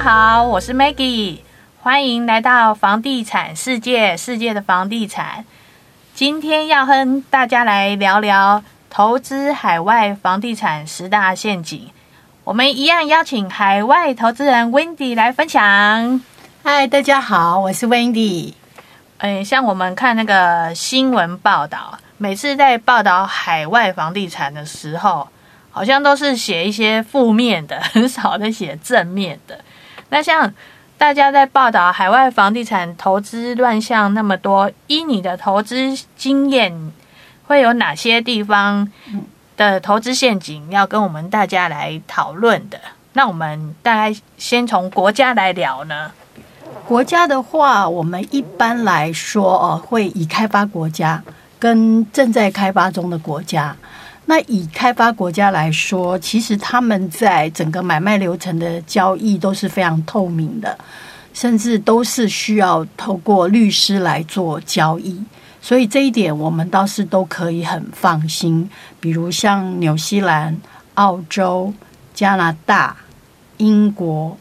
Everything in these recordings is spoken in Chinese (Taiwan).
大家好，我是 Maggie，歡迎來到房地產世界，世界的房地產。今天要跟大家來聊聊投資海外房地產十大陷阱。我們一樣邀請海外投資人 Wendy 來分享。嗨，大家好，我是 Wendy。嗯，像我們看那個新聞報道，每次在報道海外房地產的時候，好像都是寫一些負面的，很少的寫正面的。那像大家在報道海外房地產投資亂象那麼多，依你的投資經驗，會有哪些地方的投資陷阱要跟我們大家來討論的？那我們大概先從國家來聊呢？國家的話，我們一般來說哦，會以開發國家跟正在開發中的國家。那以開發國家來說，其實他們在整個買賣流程的交易都是非常透明的，甚至都是需要透過律師來做交易，所以這一點我們倒是都可以很放心。比如像紐西蘭、澳洲、加拿大、英國、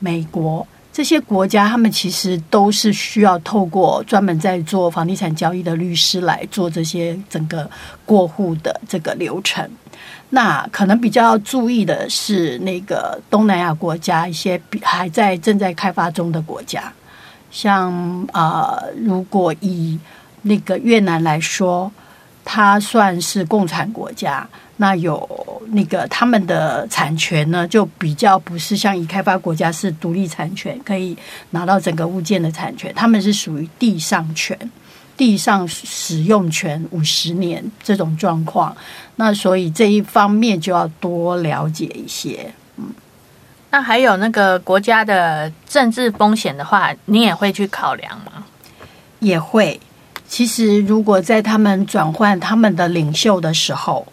美國。這些國家，他們其實都是需要透過專門在做房地產交易的律師來做這些整個過戶的這個流程。那可能比較要注意的是那個東南亞國家一些還在正在開發中的國家，像呃，如果以那個越南來說，它算是共產國家。那有那個他們的產權呢，就比較不是像已開發國家是獨立產權，可以拿到整個物件的產權，他們是屬於地上權、地上使用權五十年這種狀況。那所以這一方面就要多了解一些。嗯，那還有那個國家的政治風險的話，你也會去考量嗎？也會。其實如果在他們轉換他們的領袖的時候。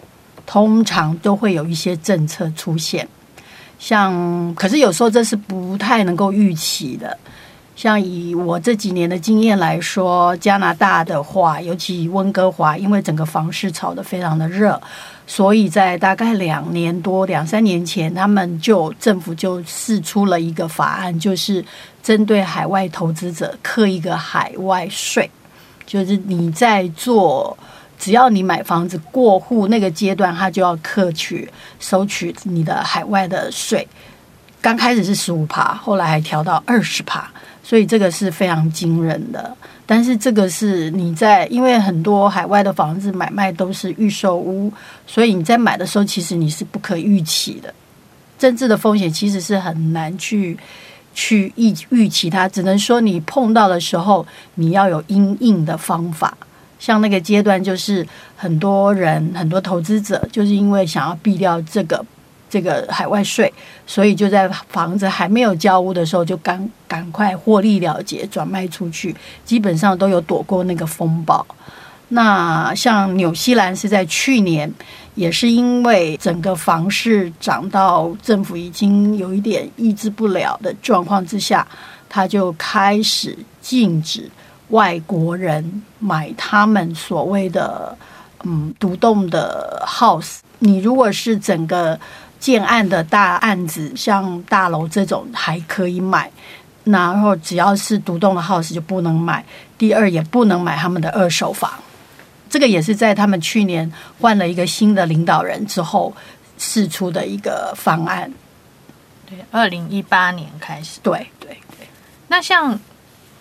通常都會有一些政策出現，像可是有時候這是不太能夠預期的。像以我這幾年的經驗來說，加拿大的話，尤其溫哥華，因為整個房市炒得非常的熱，所以在大概兩年多、兩三年前，他們就政府就釋出了一個法案，就是針對海外投資者，課一個海外稅，就是你在做。只要你買房子過戶那個階段，他就要課取、收取你的海外的稅。剛開始是十五趴，後來還調到二十趴，所以這個是非常驚人的。但是這個是你在，因為很多海外的房子買賣都是預售屋，所以你在買的時候，其實你是不可預期的。政治的風險其實是很難去去預預期它，只能說你碰到的時候，你要有因應的方法。像那個階段，就是很多人、很多投資者，就是因為想要避掉這個、這個海外稅，所以就在房子還沒有交屋的時候，就趕趕快獲利了結，轉賣出去，基本上都有躲過那個風暴。那像紐西蘭是在去年，也是因為整個房市漲到政府已經有一點抑制不了的狀況之下，它就開始禁止。外國人買他們所謂的嗯、獨棟的 house，你如果是整個建案的大案子，像大樓這種還可以買，然後只要是獨棟的 house 就不能買。第二，也不能買他們的二手房。這個也是在他們去年換了一個新的領導人之後試出的一個方案。對，二零一八年開始。對對對。對對那像。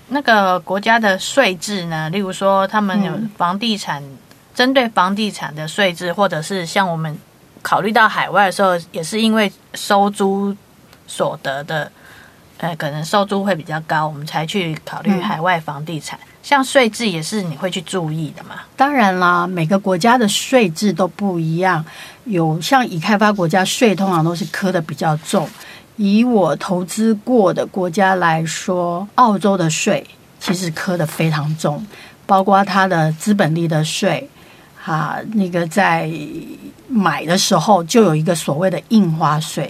那個國家的稅制呢？例如說，他們有房地產、嗯、針對房地產的稅制，或者是像我們考慮到海外的時候，也是因為收租所得的，呃，可能收租會比較高，我們才去考慮海外房地產。嗯、像稅制也是你會去注意的嘛？當然啦，每個國家的稅制都不一樣，有像已開發國家稅通常都是課得比較重。以我投資過的國家來說，澳洲的稅其實課得非常重，包括它的資本利得稅啊，那個在買的時候就有一個所謂的印花稅，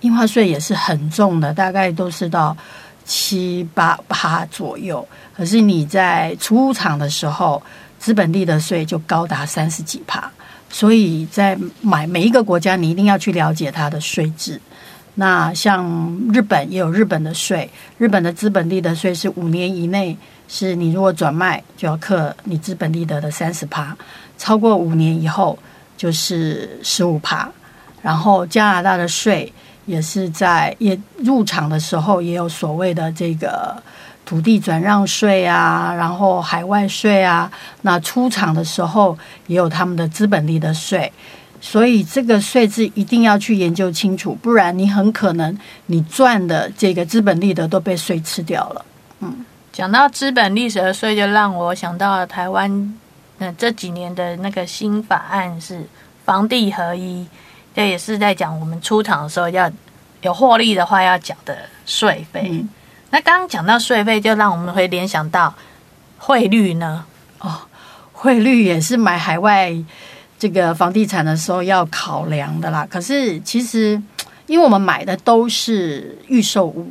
印花稅也是很重的，大概都是到七八趴左右。可是你在出廠的時候，資本利得稅就高達三十幾趴。所以在買每一個國家，你一定要去了解它的稅制。那像日本也有日本的稅，日本的資本利得稅是五年以內，是你如果轉賣就要課你資本利得的三十趴，超過五年以後就是十五趴。然後加拿大的稅也是在也入場的時候也有所謂的這個土地轉讓稅啊，然後海外稅啊，那出場的時候也有他們的資本利得稅。所以這個稅制一定要去研究清楚，不然你很可能你賺的這個資本利得都被稅吃掉了。嗯，講到資本利得稅，就讓我想到了台灣那、呃、這幾年的那個新法案是房地合一，這也是在講我們出場的時候要有獲利的話要繳的稅費。嗯、那剛剛講到稅費，就讓我們會聯想到匯率呢。哦，匯率也是買海外這個房地產的時候要考量的啦。可是其實，因為我們買的都是預售屋，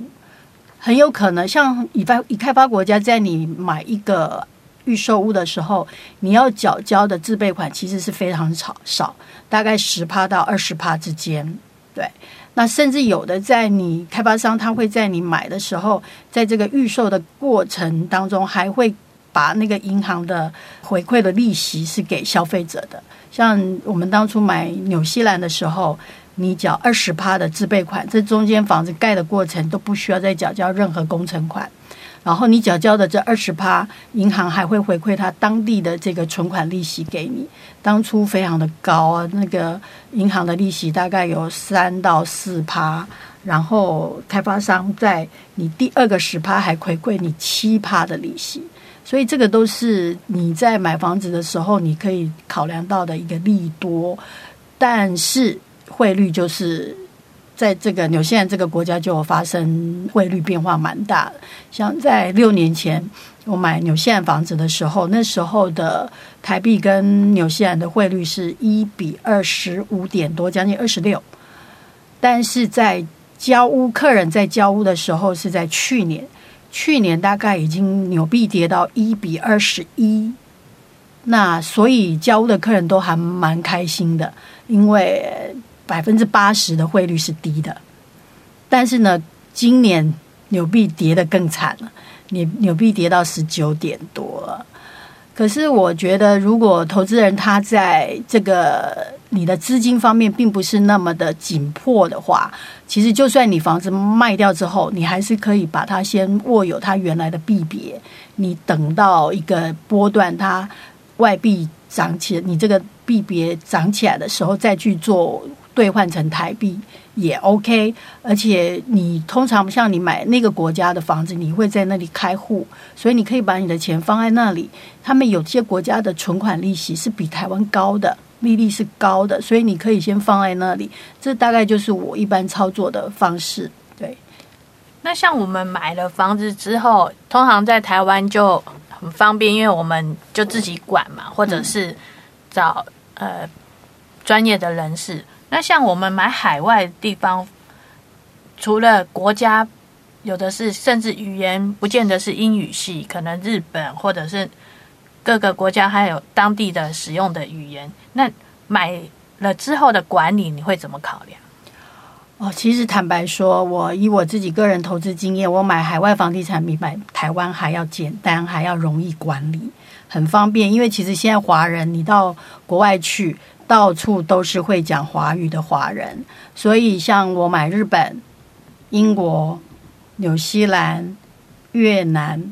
很有可能像已發已開發國家，在你買一個預售屋的時候，你要繳交的自備款其實是非常少少，大概十趴到二十趴之間。對，那甚至有的在你開發商他會在你買的時候，在這個預售的過程當中，還會把那個銀行的回饋的利息是給消費者的。像我們當初買紐西蘭的時候，你繳二十趴的自備款，這中間房子蓋的過程都不需要再繳交任何工程款，然後你繳交的這二十趴，銀行還會回饋他當地的這個存款利息給你，當初非常的高啊，那個銀行的利息大概有三到四趴，然後開發商在你第二個十趴還回饋你七趴的利息。所以這個都是你在買房子的時候，你可以考量到的一個利多。但是匯率就是在這個紐西蘭這個國家就發生匯率變化蠻大的。像在六年前我買紐西蘭房子的時候，那時候的台幣跟紐西蘭的匯率是一比二十五點多，將近二十六。但是在交屋，客人在交屋的時候，是在去年。去年大概已經紐幣跌到一比二十一，那所以交屋的客人都還蠻開心的，因為百分之八十的匯率是低的。但是呢，今年紐幣跌得更慘了，紐紐幣跌到十九點多了。可是我覺得，如果投資人他在這個你的資金方面並不是那麼的緊迫的話，其實就算你房子賣掉之後，你還是可以把它先握有它原來的幣別，你等到一個波段它外幣漲起，你這個幣別漲起來的時候再去做。兌換成台幣也 OK，而且你通常不像你買那個國家的房子，你會在那裡開戶，所以你可以把你的錢放在那裡。他們有些國家的存款利息是比台灣高的，利率是高的，所以你可以先放在那裡。這大概就是我一般操作的方式。對，那像我們買了房子之後，通常在台灣就很方便，因為我們就自己管嘛，或者是找呃專業的人士。那像我們買海外的地方，除了國家，有的是甚至語言不見得是英語系，可能日本或者是各個國家還有當地的使用的語言。那買了之後的管理，你會怎麼考量？哦，其實坦白說，我以我自己個人投資經驗，我買海外房地產比買台灣還要簡單，還要容易管理，很方便。因為其實現在華人你到國外去。到處都是會講華語的華人，所以像我買日本、英國、紐西蘭、越南，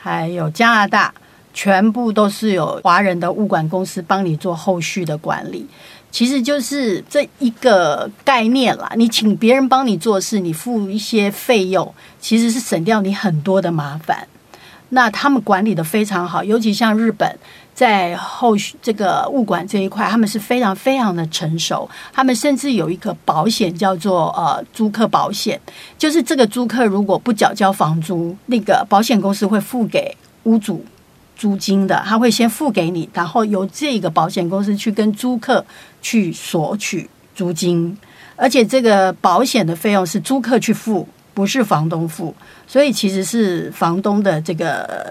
還有加拿大，全部都是有華人的物管公司幫你做後續的管理。其實就是這一個概念啦，你請別人幫你做事，你付一些費用，其實是省掉你很多的麻煩。那他們管理得非常好，尤其像日本。在後續這個物管這一塊，他們是非常非常的成熟。他們甚至有一個保險叫做呃租客保險，就是這個租客如果不繳交，交房租，那個保險公司會付給屋主租金的，他會先付給你，然後由這個保險公司去跟租客去索取租金。而且這個保險的費用是租客去付，不是房東付，所以其實是房東的這個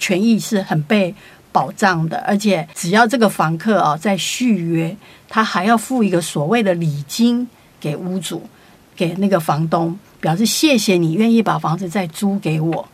權益是很被保障的，而且只要這個房客啊、哦、在續約，他還要付一個所謂的禮金給屋主，給那個房東，表示謝謝你願意把房子再租給我。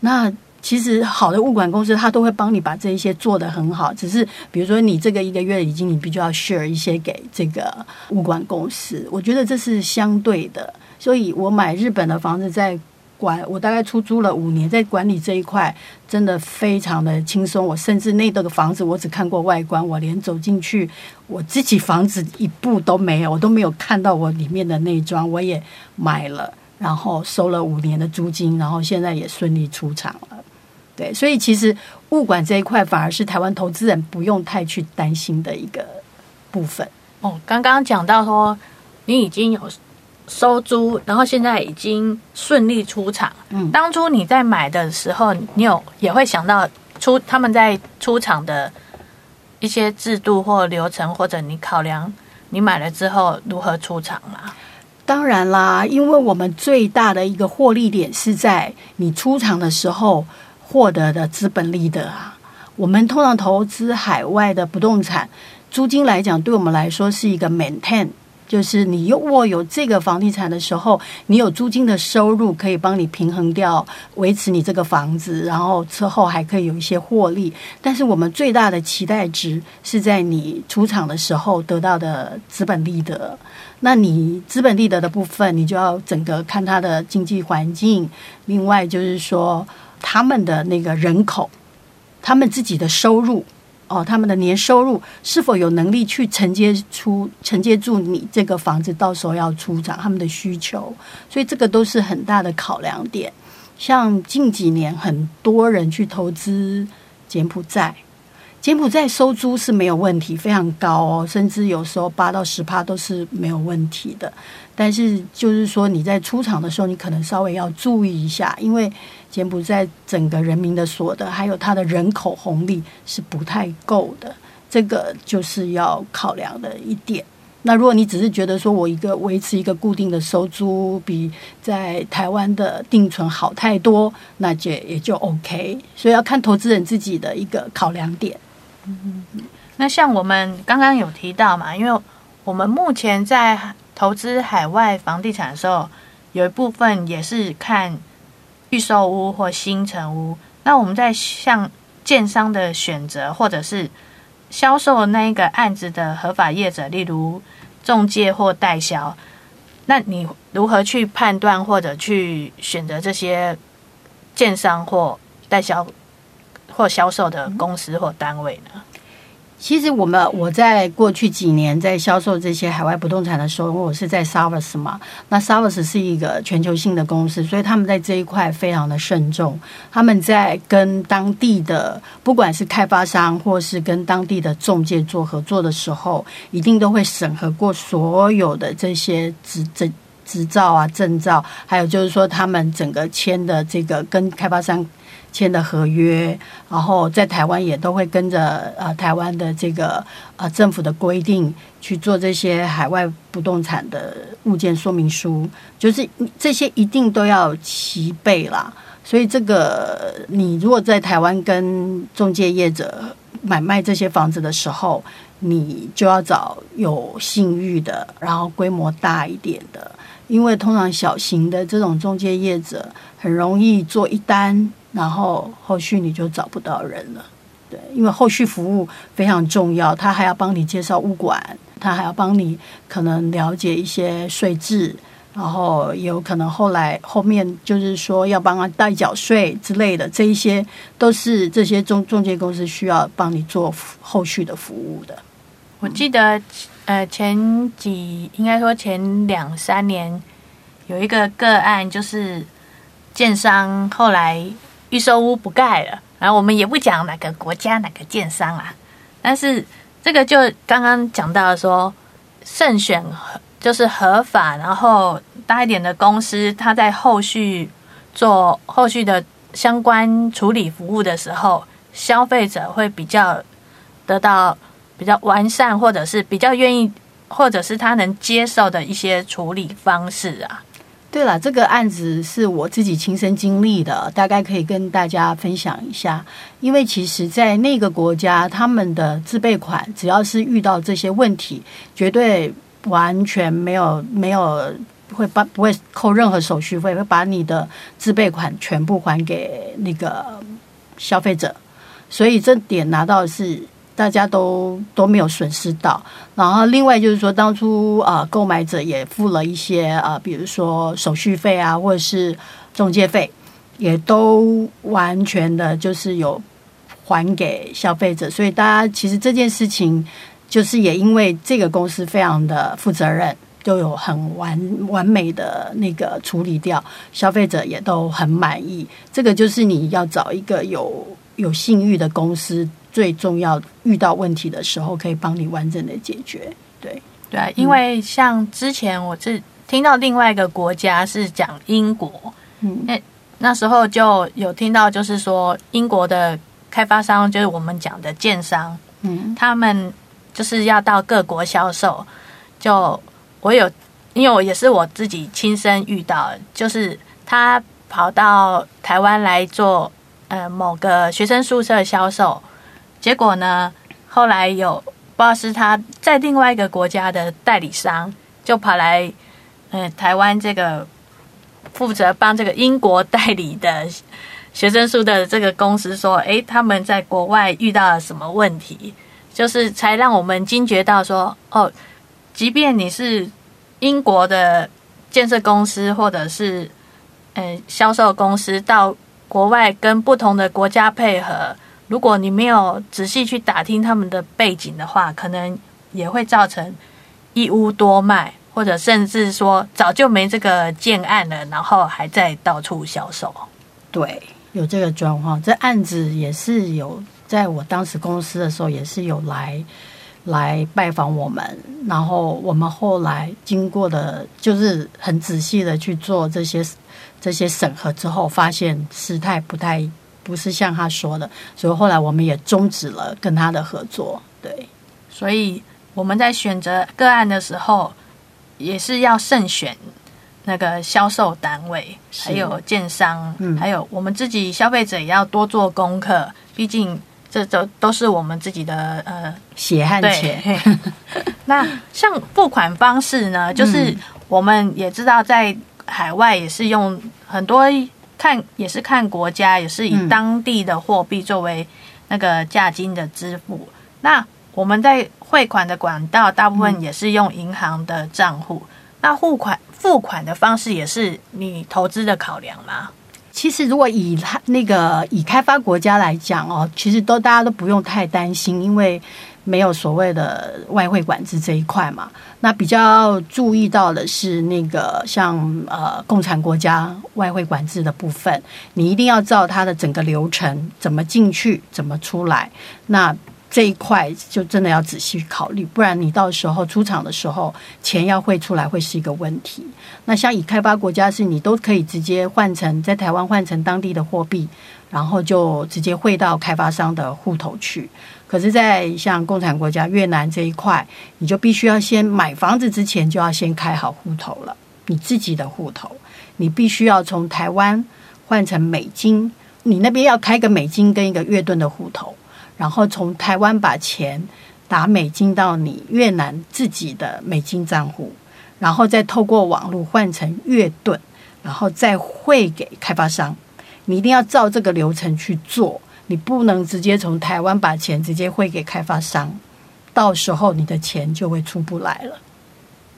那其實好的物管公司，他都會幫你把這一些做得很好。只是比如說你這個一個月禮金，你必須要 share 一些給這個物管公司。我覺得這是相對的，所以我買日本的房子在，管我大概出租了五年，在管理這一塊真的非常的輕鬆。我甚至那棟房子我只看過外觀，我連走進去我自己房子一步都沒有，我都沒有看到我裡面的內裝。我也買了，然後收了五年的租金，然後現在也順利出場了。對，所以其實物管這一塊反而是台灣投資人不用太去擔心的一個部分。哦，剛剛講到說你已經有，收租，然後現在已經順利出場。嗯，當初你在買的時候，你有也會想到出他們在出場的一些制度或流程，或者你考量你買了之後如何出場嗎？當然啦，因為我們最大的一個獲利點是在你出場的時候獲得的資本利得啊。我們通常投資海外的不動產，租金來講，對我們來說是一個 maintain。就是你又握有這個房地產的時候，你有租金的收入可以幫你平衡掉，維持你這個房子，然後之後還可以有一些獲利。但是我們最大的期待值是在你出場的時候得到的資本利得。那你資本利得的部分，你就要整個看它的經濟環境，另外就是說他們的那個人口，他們自己的收入。哦，他們的年收入是否有能力去承接出，承接住你這個房子，到時候要出場，他們的需求，所以這個都是很大的考量點。像近幾年很多人去投資柬埔寨。柬埔寨收租是沒有問題，非常高哦，甚至有時候八到十趴都是沒有問題的。但是就是說你在出場的時候，你可能稍微要注意一下，因為柬埔寨整個人民的所得還有它的人口紅利是不太夠的，這個就是要考量的一點。那如果你只是覺得說我一個維持一個固定的收租比在台灣的定存好太多，那也也就 OK。所以要看投資人自己的一個考量點。嗯，那像我們剛剛有提到嘛，因為我們目前在投資海外房地產的時候，有一部分也是看預售屋或新成屋。那我們在向建商的選擇，或者是銷售那個案子的合法業者，例如仲介或代銷，那你如何去判斷或者去選擇這些建商或代銷？或銷售的公司或單位呢？其實我們我在過去幾年在銷售這些海外不動產的時候，我是在 Savills 嘛。那 Savills 是一個全球性的公司，所以他們在這一塊非常的慎重。他們在跟當地的不管是開發商或是跟當地的中介做合作的時候，一定都會審核過所有的這些資質。執照啊、證照，還有就是說他們整個簽的這個跟開發商簽的合約，然後在台灣也都會跟着呃台灣的這個呃政府的規定去做這些海外不動產的物件說明書，就是這些一定都要齊備啦。所以這個你如果在台灣跟仲介業者買賣這些房子的時候，你就要找有信譽的，然後規模大一點的。因為通常小型的這種中介業者很容易做一單，然後後續你就找不到人了，對，因為後續服務非常重要，他還要幫你介紹物管，他還要幫你可能了解一些稅制，然後有可能後來後面就是說要幫他代繳稅之類的，這一些都是這些中中介公司需要幫你做後續的服務的。嗯。我記得。呃，前幾應該說前兩三年有一個個案，就是建商後來預售屋不蓋了，然後我們也不講哪個國家哪個建商啊，但是這個就剛剛講到說，慎選就是合法，然後大一點的公司，他在後續做後續的相關處理服務的時候，消費者會比較得到，比較完善，或者是比較願意，或者是他能接受的一些處理方式啊。對了，這個案子是我自己親身經歷的，大概可以跟大家分享一下。因為其實，在那個國家，他們的自備款，只要是遇到這些問題，絕對完全沒有沒有會把不會扣任何手續費，會把你的自備款全部還給那個消費者。所以這點拿到是。大家都都沒有損失到，然後另外就是說，當初啊、呃，購買者也付了一些啊、呃，比如說手續費啊，或者是中介費，也都完全的就是有還給消費者，所以大家其實這件事情就是也因為這個公司非常的負責任，都有很完完美的那個處理掉，消費者也都很滿意。這個就是你要找一個有有信譽的公司。最重要，遇到問題的時候可以幫你完整的解決。對對啊，因為像之前我是聽到另外一個國家是講英國，嗯、欸，那時候就有聽到，就是說英國的開發商，就是我們講的建商，嗯，他們就是要到各國銷售。就我有，因為我也是我自己親身遇到，就是他跑到台灣來做呃某個學生宿舍銷售。結果呢？後來有，不知道是他在另外一個國家的代理商，就跑來，嗯、呃，台灣這個負責幫這個英國代理的學生書的這個公司說：“哎，他們在國外遇到了什麼問題？就是才讓我們驚覺到說，哦，即便你是英國的建設公司，或者是嗯、呃，銷售公司，到國外跟不同的國家配合。”如果你沒有仔細去打聽他們的背景的話，可能也會造成一屋多賣，或者甚至說早就沒這個建案了，然後還在到處銷售。對，對有這個狀況，這案子也是有，在我當時公司的時候也是有來來拜訪我們，然後我們後來經過的，就是很仔細的去做這些這些審核之後，發現事態不太。不是像他說的，所以後來我們也終止了跟他的合作。對，所以我們在選擇個案的時候，也是要慎選那個銷售單位，是還有建商，嗯、還有我們自己消費者也要多做功課。畢竟這都都是我們自己的呃血汗錢。 那像付款方式呢，就是我們也知道，在海外也是用很多。看，也是看國家，也是以當地的貨幣作為那個價金的支付。那我們在匯款的管道，大部分也是用銀行的賬戶。那付款付款的方式也是你投資的考量嗎？其實，如果以那個以開發國家來講哦，其實都大家都不用太擔心，因為。沒有所謂的外匯管制這一塊嘛。那比較注意到的是，那個像呃，共產國家外匯管制的部分，你一定要知道它的整個流程，怎麼進去，怎麼出來。那這一塊就真的要仔細考慮，不然你到時候出場的時候，錢要匯出來會是一個問題。那像已開發國家，是你都可以直接換成在台灣換成當地的貨幣，然後就直接匯到開發商的戶頭去。可是，在像共產國家越南這一塊，你就必須要先買房子之前，就要先開好戶頭了。你自己的戶頭，你必須要從台灣換成美金，你那邊要開個美金跟一個越盾的戶頭，然後從台灣把錢打美金到你越南自己的美金賬戶，然後再透過網絡換成越盾，然後再匯給開發商。你一定要照這個流程去做。你不能直接從台灣把錢直接匯給開發商，到時候你的錢就會出不來了。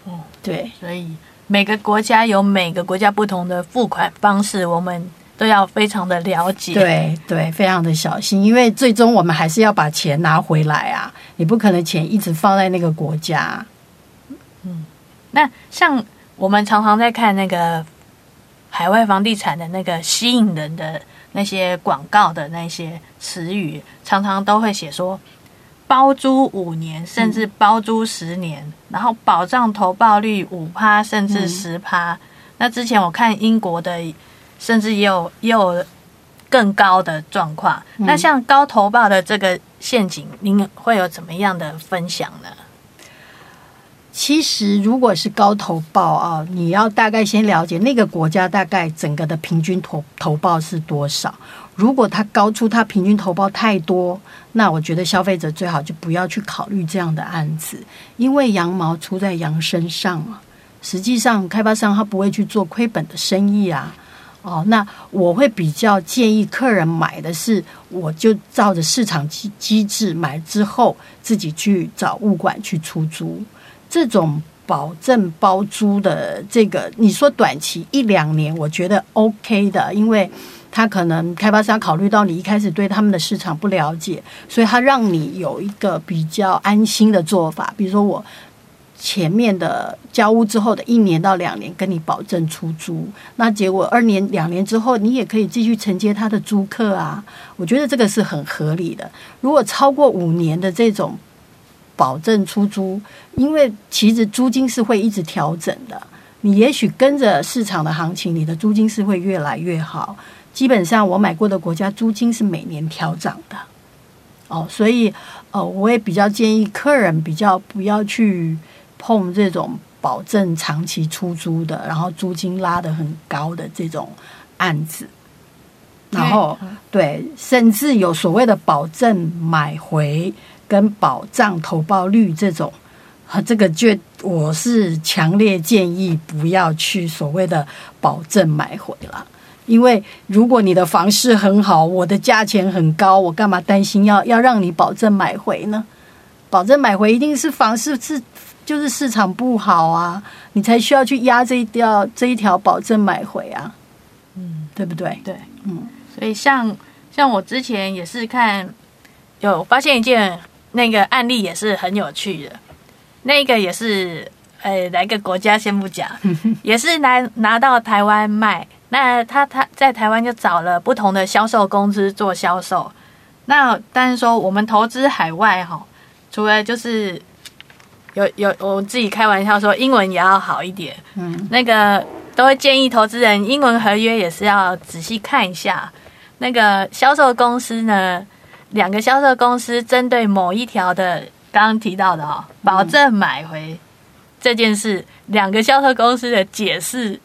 哦、嗯，對，所以每個國家有每個國家不同的付款方式，我們都要非常的了解。對對，非常的小心，因為最終我們還是要把錢拿回來啊！你不可能錢一直放在那個國家。嗯，那像我們常常在看那個，海外房地產的那個吸引人的那些廣告的那些詞語，常常都會寫說包租五年，甚至包租十年，嗯、然後保障投報率五趴，甚至十趴。嗯、那之前我看英國的，甚至也有也有更高的狀況。嗯、那像高投報的這個陷阱，您會有怎麼樣的分享呢？其實，如果是高投報啊，哦，你要大概先了解那個國家大概整個的平均投投報是多少。如果它高出它平均投報太多，那我覺得消費者最好就不要去考慮這樣的案子，因為羊毛出在羊身上啊。實際上，開發商他不會去做虧本的生意啊。哦，那我會比較建議客人買的是，我就照着市場機機制買之後，自己去找物管去出租。這種保證包租的這個，你說短期一兩年，我覺得 OK 的，因為他可能開發商考慮到你一開始對他們的市場不了解，所以他讓你有一個比較安心的做法，比如說我前面的交屋之後的一年到兩年跟你保證出租，那結果二年兩年之後你也可以繼續承接他的租客啊，我覺得這個是很合理的。如果超過五年的這種。保證出租，因為其實租金是會一直調整的。你也許跟着市場的行情，你的租金是會越來越好。基本上，我買過的國家租金是每年調漲的。哦，所以呃、哦，我也比較建議客人比較不要去碰這種保證長期出租的，然後租金拉得很高的這種案子。然後對，甚至有所謂的保證買回。跟保障投報率這種，啊，這個就我是強烈建議不要去所謂的保證買回了，因為如果你的房市很好，我的價錢很高，我干嘛擔心要要讓你保證買回呢？保證買回一定是房市是就是市場不好啊，你才需要去壓這一條這一條保證買回啊，嗯，對不對？對，嗯，所以像像我之前也是看有發現一件。那個案例也是很有趣的，那個也是，呃、欸，來個國家先不講，也是來拿到台灣賣。那他他在台灣就找了不同的銷售公司做銷售。那但是說我們投資海外哈，除了就是有有，我自己開玩笑說英文也要好一點。嗯，那個都會建議投資人英文合約也是要仔細看一下。那個銷售公司呢，兩個銷售公司針對某一條的剛剛提到的哦，保證買回、嗯、這件事，兩個銷售公司的解釋，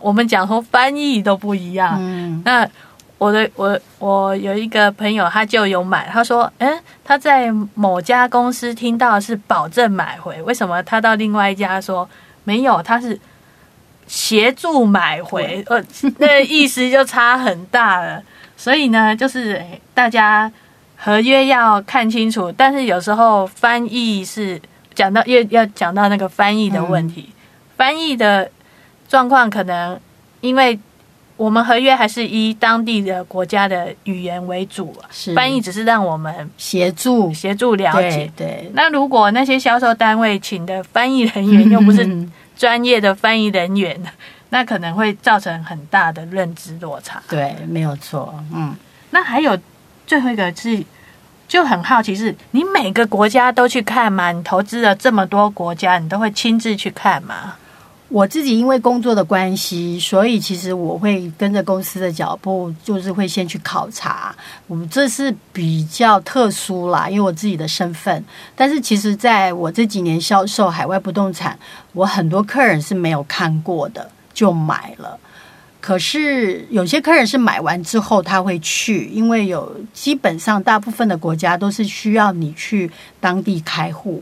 我們講說翻譯都不一樣。嗯、那我的我我有一個朋友，他就有買，他說，嗯，他在某家公司聽到是保證買回，為什麼他到另外一家說沒有？他是協助買回，呃對，那意思就差很大了。 所以呢，就是大家。合約要看清楚，但是有時候翻譯是講到要要講到那個翻譯的問題，嗯、翻譯的狀況，可能因為我們合約還是以當地的國家的語言為主、啊，是翻譯只是讓我們協助協助了解。對，對那如果那些銷售單位請的翻譯人員又不是專業的翻譯人員， 那可能會造成很大的認知落差。對，沒有錯。嗯，那還有。最後一個字就很好奇是，是你每個國家都去看嗎？你投資了這麼多國家，你都會親自去看嗎？我自己因為工作的關係，所以其實我會跟着公司的腳步，就是會先去考察。我這是比較特殊啦，因為我自己的身份。但是其實在我這幾年銷售海外不動產，我很多客人是沒有看過的，就買了。可是有些客人是買完之後他會去，因為有基本上大部分的國家都是需要你去當地開戶，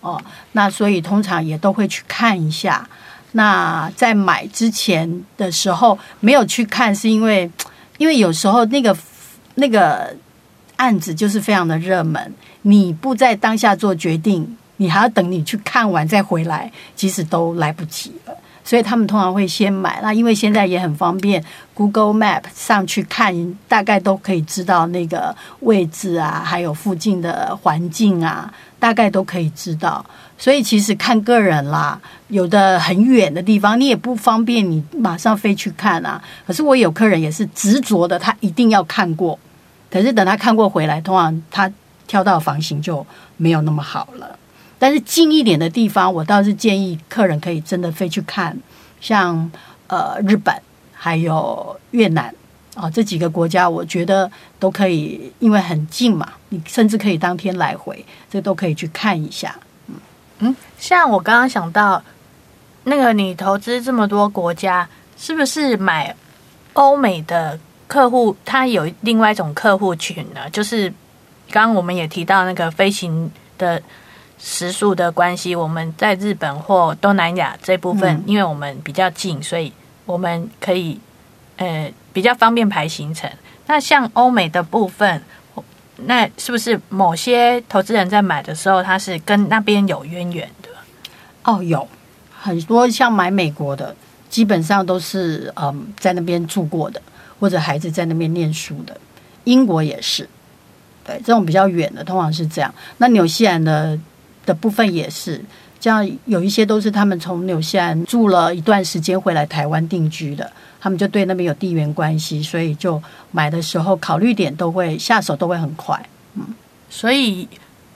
哦，那所以通常也都會去看一下。那在買之前的時候沒有去看，是因為因為有時候那個那個案子就是非常的熱門，你不在當下做決定，你還要等你去看完再回來，其實都來不及了。所以他們通常會先買，那因為現在也很方便，Google Map 上去看，大概都可以知道那個位置啊，還有附近的環境啊，大概都可以知道。所以其實看個人啦，有的很遠的地方，你也不方便，你馬上飛去看啊。可是我有客人也是執着的，他一定要看過，可是等他看過回來，通常他挑到房型就沒有那麼好了。但是近一點的地方，我倒是建議客人可以真的飛去看，像呃日本，還有越南，啊、哦、這幾個國家，我覺得都可以，因為很近嘛，你甚至可以當天來回，這都可以去看一下。嗯嗯，像我剛剛想到，那個你投資這麼多國家，是不是買歐美的客戶他有另外一種客戶群呢？就是剛剛我們也提到那個飛行的。食宿的關係，我們在日本或東南亞這部分，嗯，因為我們比較近，所以我們可以呃比較方便排行程。那像歐美的部分，那是不是某些投資人在買的時候，他是跟那邊有淵源的？哦，有很多像買美國的，基本上都是嗯在那邊住過的，或者孩子在那邊念書的。英國也是，對這種比較遠的，通常是這樣。那紐西蘭的。的部分也是，這樣有一些都是他們從紐西蘭住了一段時間回來台灣定居的，他們就對那邊有地緣關係，所以就買的時候考慮點都會下手都會很快。嗯，所以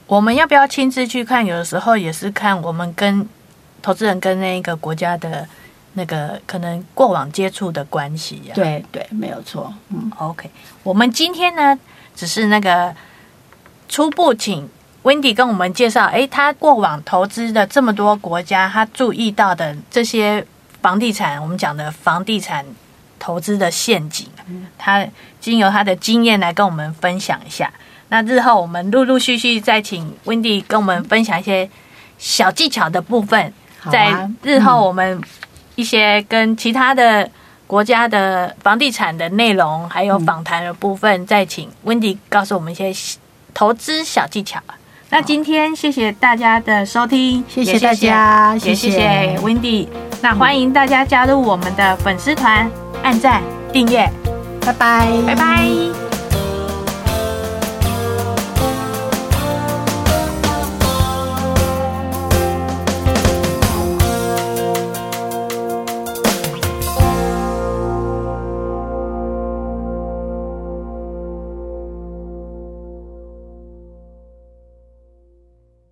我們要不要親自去看？有的時候也是看我們跟投資人跟那個國家的那個可能過往接觸的關係呀、啊。對對，沒有錯。嗯，OK。我們今天呢，只是那個初步請。Wendy 跟我們介紹，誒、欸，他過往投資的這麼多國家，他注意到的這些房地產，我們講的房地產投資的陷阱，他經由他的經驗來跟我們分享一下。那日後我們陸陸續續再請 Wendy 跟我們分享一些小技巧的部分。在日後我們一些跟其他的國家的房地產的內容，還有訪談的部分，再請 Wendy 告訴我們一些投資小技巧。那今天謝謝大家的收聽，謝謝大家，也謝謝 Wendy。那歡迎大家加入我們的粉絲團，按贊訂閱，拜拜，拜拜。